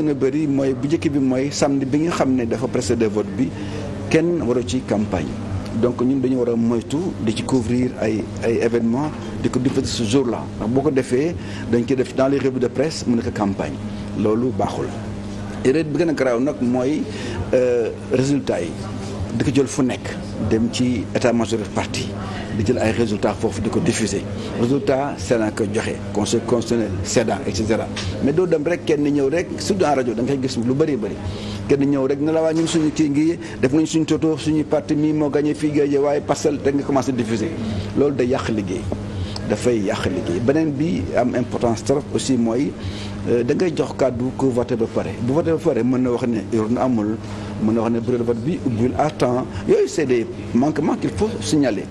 gën a bëri mooy bu njëkk bi mooy samedi bi nga xam ne dafa précédé vote bi kenn waru ci campagne donc ñun dañu war a moytu di ci couvrir ay ay événements di ko di ce jour la ndax boo ko defee dañ koy def dans les revues de presse mu nekk campagne loolu baaxul erreur bi gën a garaaw nag mooy euh, résultat yi di ko jël fu nekk dem ci état major parti di jël ay résultats foofu di ko diffuser résultat Sénat ko joxe conseil constitutionnel Sénat et cetera mais doo dem rek kenn ñëw rek surtout en rajo da nga koy gis lu bëri bëri kenn ñëw rek ne la waa ñun suñu kii ngi def nañ suñu toto suñu parti mii moo gagné fii gagné waaye parcelle rek nga commencé diffuser loolu day yàq liggéey dafay yàq liggéey beneen bi am importance trop aussi mooy euh, da ngay jox kàddu ku voté ba pare bu voté ba pare mën na wax ne urne amul. mën na wax ne bureau de vote bi ubbiwul à temps yooyu c'est des manquements qu'il faut signaler.